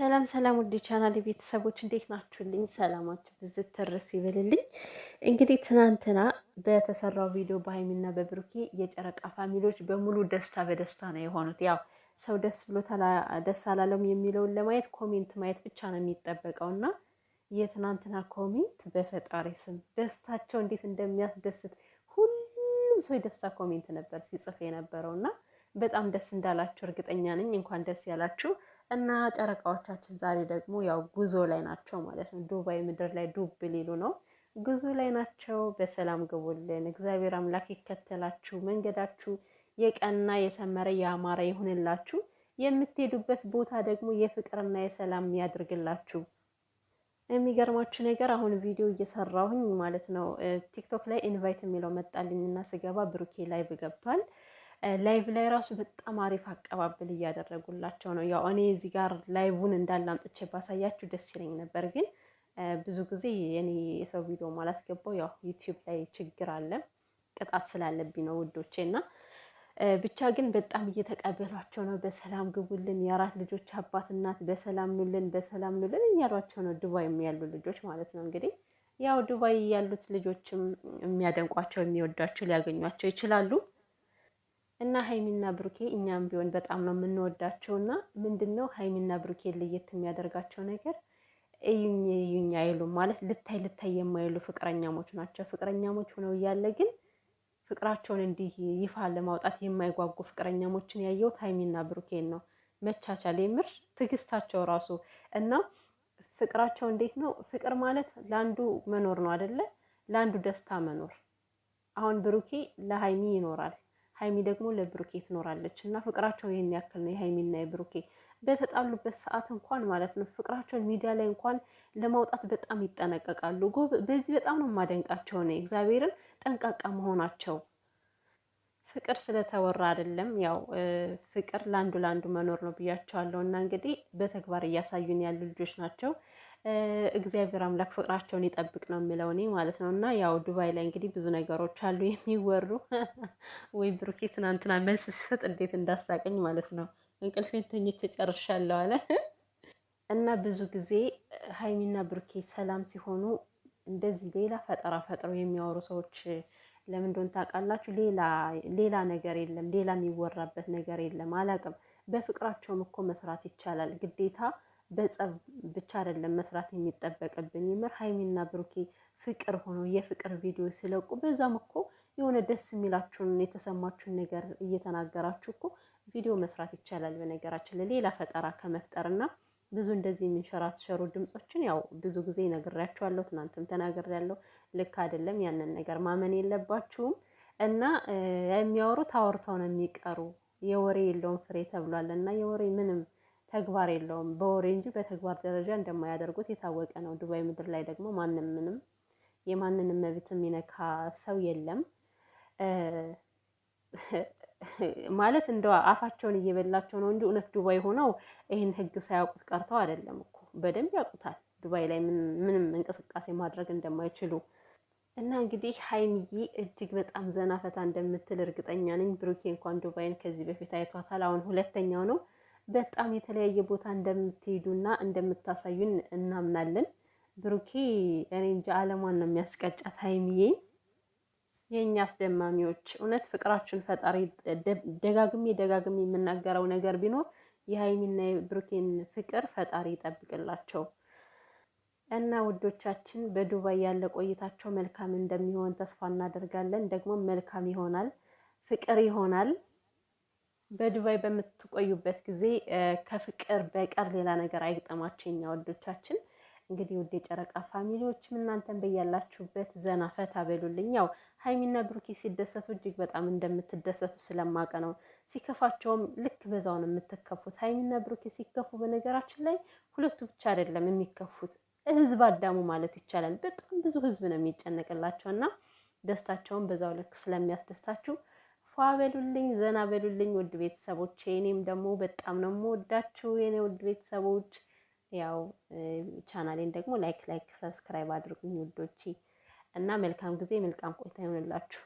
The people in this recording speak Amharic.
ሰላም ሰላም ውድ ቻናል ቤተሰቦች እንዴት ናችሁልኝ? ሰላማችሁ ብዙ ትርፍ ይበልልኝ። እንግዲህ ትናንትና በተሰራው ቪዲዮ በሀይሚና በብሩኬ የጨረቃ ፋሚሊዎች በሙሉ ደስታ በደስታ ነው የሆኑት። ያው ሰው ደስ ብሎ ደስ አላለም የሚለውን ለማየት ኮሜንት ማየት ብቻ ነው የሚጠበቀው እና የትናንትና ኮሜንት በፈጣሪ ስም ደስታቸው እንዴት እንደሚያስደስት ሁሉም ሰው የደስታ ኮሜንት ነበር ሲጽፍ የነበረው እና በጣም ደስ እንዳላችሁ እርግጠኛ ነኝ። እንኳን ደስ ያላችሁ እና ጨረቃዎቻችን ዛሬ ደግሞ ያው ጉዞ ላይ ናቸው ማለት ነው። ዱባይ ምድር ላይ ዱብ ሊሉ ነው፣ ጉዞ ላይ ናቸው። በሰላም ግቡልን። እግዚአብሔር አምላክ ይከተላችሁ፣ መንገዳችሁ የቀና የሰመረ ያማረ ይሁንላችሁ። የምትሄዱበት ቦታ ደግሞ የፍቅርና የሰላም ያድርግላችሁ። የሚገርማችሁ ነገር አሁን ቪዲዮ እየሰራሁኝ ማለት ነው ቲክቶክ ላይ ኢንቫይት የሚለው መጣልኝና ስገባ ብሩኬ ላይቭ ገብቷል። ላይቭ ላይ ራሱ በጣም አሪፍ አቀባበል እያደረጉላቸው ነው። ያው እኔ እዚህ ጋር ላይቡን እንዳለ አምጥቼ ባሳያችሁ ደስ ይለኝ ነበር፣ ግን ብዙ ጊዜ እኔ የሰው ቪዲዮ ማላስገባው ያው ዩቲዩብ ላይ ችግር አለ፣ ቅጣት ስላለብኝ ነው ውዶቼ እና ብቻ ግን በጣም እየተቀበሏቸው ነው። በሰላም ግቡልን፣ የአራት ልጆች አባት እናት፣ በሰላም ኑልን፣ በሰላም ኑልን እያሏቸው ነው። ዱባይም ያሉ ልጆች ማለት ነው። እንግዲህ ያው ዱባይ ያሉት ልጆችም የሚያደንቋቸው የሚወዷቸው ሊያገኟቸው ይችላሉ። እና ሀይሚና ብሩኬ እኛም ቢሆን በጣም ነው የምንወዳቸው። እና ምንድን ነው ሀይሚና ብሩኬ ለየት የሚያደርጋቸው ነገር እዩኝ እዩኝ አይሉም ማለት ልታይ ልታይ የማይሉ ፍቅረኛሞች ናቸው። ፍቅረኛሞች ሆነው እያለ ግን ፍቅራቸውን እንዲህ ይፋ ለማውጣት የማይጓጉ ፍቅረኛሞችን ያየሁት ሀይሚና ብሩኬን ነው። መቻቻል የምር ትዕግስታቸው ራሱ እና ፍቅራቸው እንዴት ነው? ፍቅር ማለት ለአንዱ መኖር ነው አደለ? ለአንዱ ደስታ መኖር። አሁን ብሩኬ ለሀይሚ ይኖራል ሀይሚ ደግሞ ለብሩኬ ትኖራለች እና ፍቅራቸው ይህን ያክል ነው። የሀይሚና የብሩኬ በተጣሉበት ሰዓት እንኳን ማለት ነው ፍቅራቸውን ሚዲያ ላይ እንኳን ለማውጣት በጣም ይጠነቀቃሉ። በዚህ በጣም ነው የማደንቃቸው ነው እግዚአብሔርን ጠንቃቃ መሆናቸው። ፍቅር ስለተወራ አይደለም ያው ፍቅር ለአንዱ ለአንዱ መኖር ነው ብያቸዋለሁ። እና እንግዲህ በተግባር እያሳዩን ያሉ ልጆች ናቸው። እግዚአብሔር አምላክ ፍቅራቸውን ይጠብቅ ነው የሚለው እኔ ማለት ነው። እና ያው ዱባይ ላይ እንግዲህ ብዙ ነገሮች አሉ የሚወሩ። ወይ ብሩኬ ትናንትና መልስ ሲሰጥ እንዴት እንዳሳቀኝ ማለት ነው። እንቅልፌን ተኝቼ ጨርሻለሁ አለ እና ብዙ ጊዜ ሀይሚና ብሩኬ ሰላም ሲሆኑ እንደዚህ ሌላ ፈጠራ ፈጥረው የሚያወሩ ሰዎች ለምን እንደሆነ ታውቃላችሁ? ሌላ ሌላ ነገር የለም፣ ሌላ የሚወራበት ነገር የለም። አላውቅም። በፍቅራቸውም እኮ መስራት ይቻላል ግዴታ በጸብ ብቻ አይደለም መስራት የሚጠበቅብን። የምር ሀይሚና ብሩኬ ፍቅር ሆኖ የፍቅር ቪዲዮ ሲለቁ በዛም እኮ የሆነ ደስ የሚላችሁን የተሰማችሁን ነገር እየተናገራችሁ እኮ ቪዲዮ መስራት ይቻላል። በነገራችን ለሌላ ፈጠራ ከመፍጠርና ብዙ እንደዚህ የሚንሸራሸሩ ድምፆችን ያው ብዙ ጊዜ ነግሬያችኋለሁ፣ ትናንትም ተናግሬያለሁ። ልክ አይደለም፣ ያንን ነገር ማመን የለባችሁም። እና የሚያወሩት አውርተው ነው የሚቀሩ የወሬ የለውም ፍሬ ተብሏል እና የወሬ ምንም ተግባር የለውም። በወሬ እንጂ በተግባር ደረጃ እንደማያደርጉት የታወቀ ነው። ዱባይ ምድር ላይ ደግሞ ማንም ምንም የማንንም መብት የሚነካ ሰው የለም። ማለት እንደው አፋቸውን እየበላቸው ነው እንጂ እውነት ዱባይ ሆነው ይህን ህግ ሳያውቁት ቀርተው አይደለም እኮ በደንብ ያውቁታል። ዱባይ ላይ ምንም እንቅስቃሴ ማድረግ እንደማይችሉ እና እንግዲህ ሀይሚዬ እጅግ በጣም ዘና ፈታ እንደምትል እርግጠኛ ነኝ። ብሩኬ እንኳን ዱባይን ከዚህ በፊት አይቷታል። አሁን ሁለተኛው ነው። በጣም የተለያየ ቦታ እንደምትሄዱና እንደምታሳዩን እናምናለን። ብሩኬ እኔ እንጂ አለሟን ነው የሚያስቀጫት ሀይሚዬ። የእኛ አስደማሚዎች እውነት ፍቅራችን ፈጣሪ ደጋግሜ ደጋግሜ የምናገረው ነገር ቢኖር የሀይሚና የብሩኬን ፍቅር ፈጣሪ ይጠብቅላቸው እና ውዶቻችን፣ በዱባይ ያለ ቆይታቸው መልካም እንደሚሆን ተስፋ እናደርጋለን። ደግሞ መልካም ይሆናል፣ ፍቅር ይሆናል። በዱባይ በምትቆዩበት ጊዜ ከፍቅር በቀር ሌላ ነገር አይግጠማችሁ የኛ ወዶቻችን። እንግዲህ ውድ የጨረቃ ፋሚሊዎችም እናንተን በያላችሁበት ዘና ፈታ በሉልኝ። ያው ሀይሚና ብሩኬ ሲደሰቱ እጅግ በጣም እንደምትደሰቱ ስለማቀ ነው። ሲከፋቸውም ልክ በዛው ነው የምትከፉት። ሀይሚና ብሩኬ ሲከፉ በነገራችን ላይ ሁለቱ ብቻ አይደለም የሚከፉት፣ ህዝብ አዳሙ ማለት ይቻላል በጣም ብዙ ህዝብ ነው የሚጨነቅላቸው እና ደስታቸውን በዛው ልክ ስለሚያስደስታችሁ ፏ በሉልኝ፣ ዘና በሉልኝ ውድ ቤተሰቦች። እኔም ደግሞ በጣም ነው የምወዳችሁ የኔ ውድ ቤተሰቦች። ያው ቻናሌን ደግሞ ላይክ ላይክ ሰብስክራይብ አድርጉኝ ውዶቼ እና መልካም ጊዜ መልካም ቆይታ ይሆንላችሁ።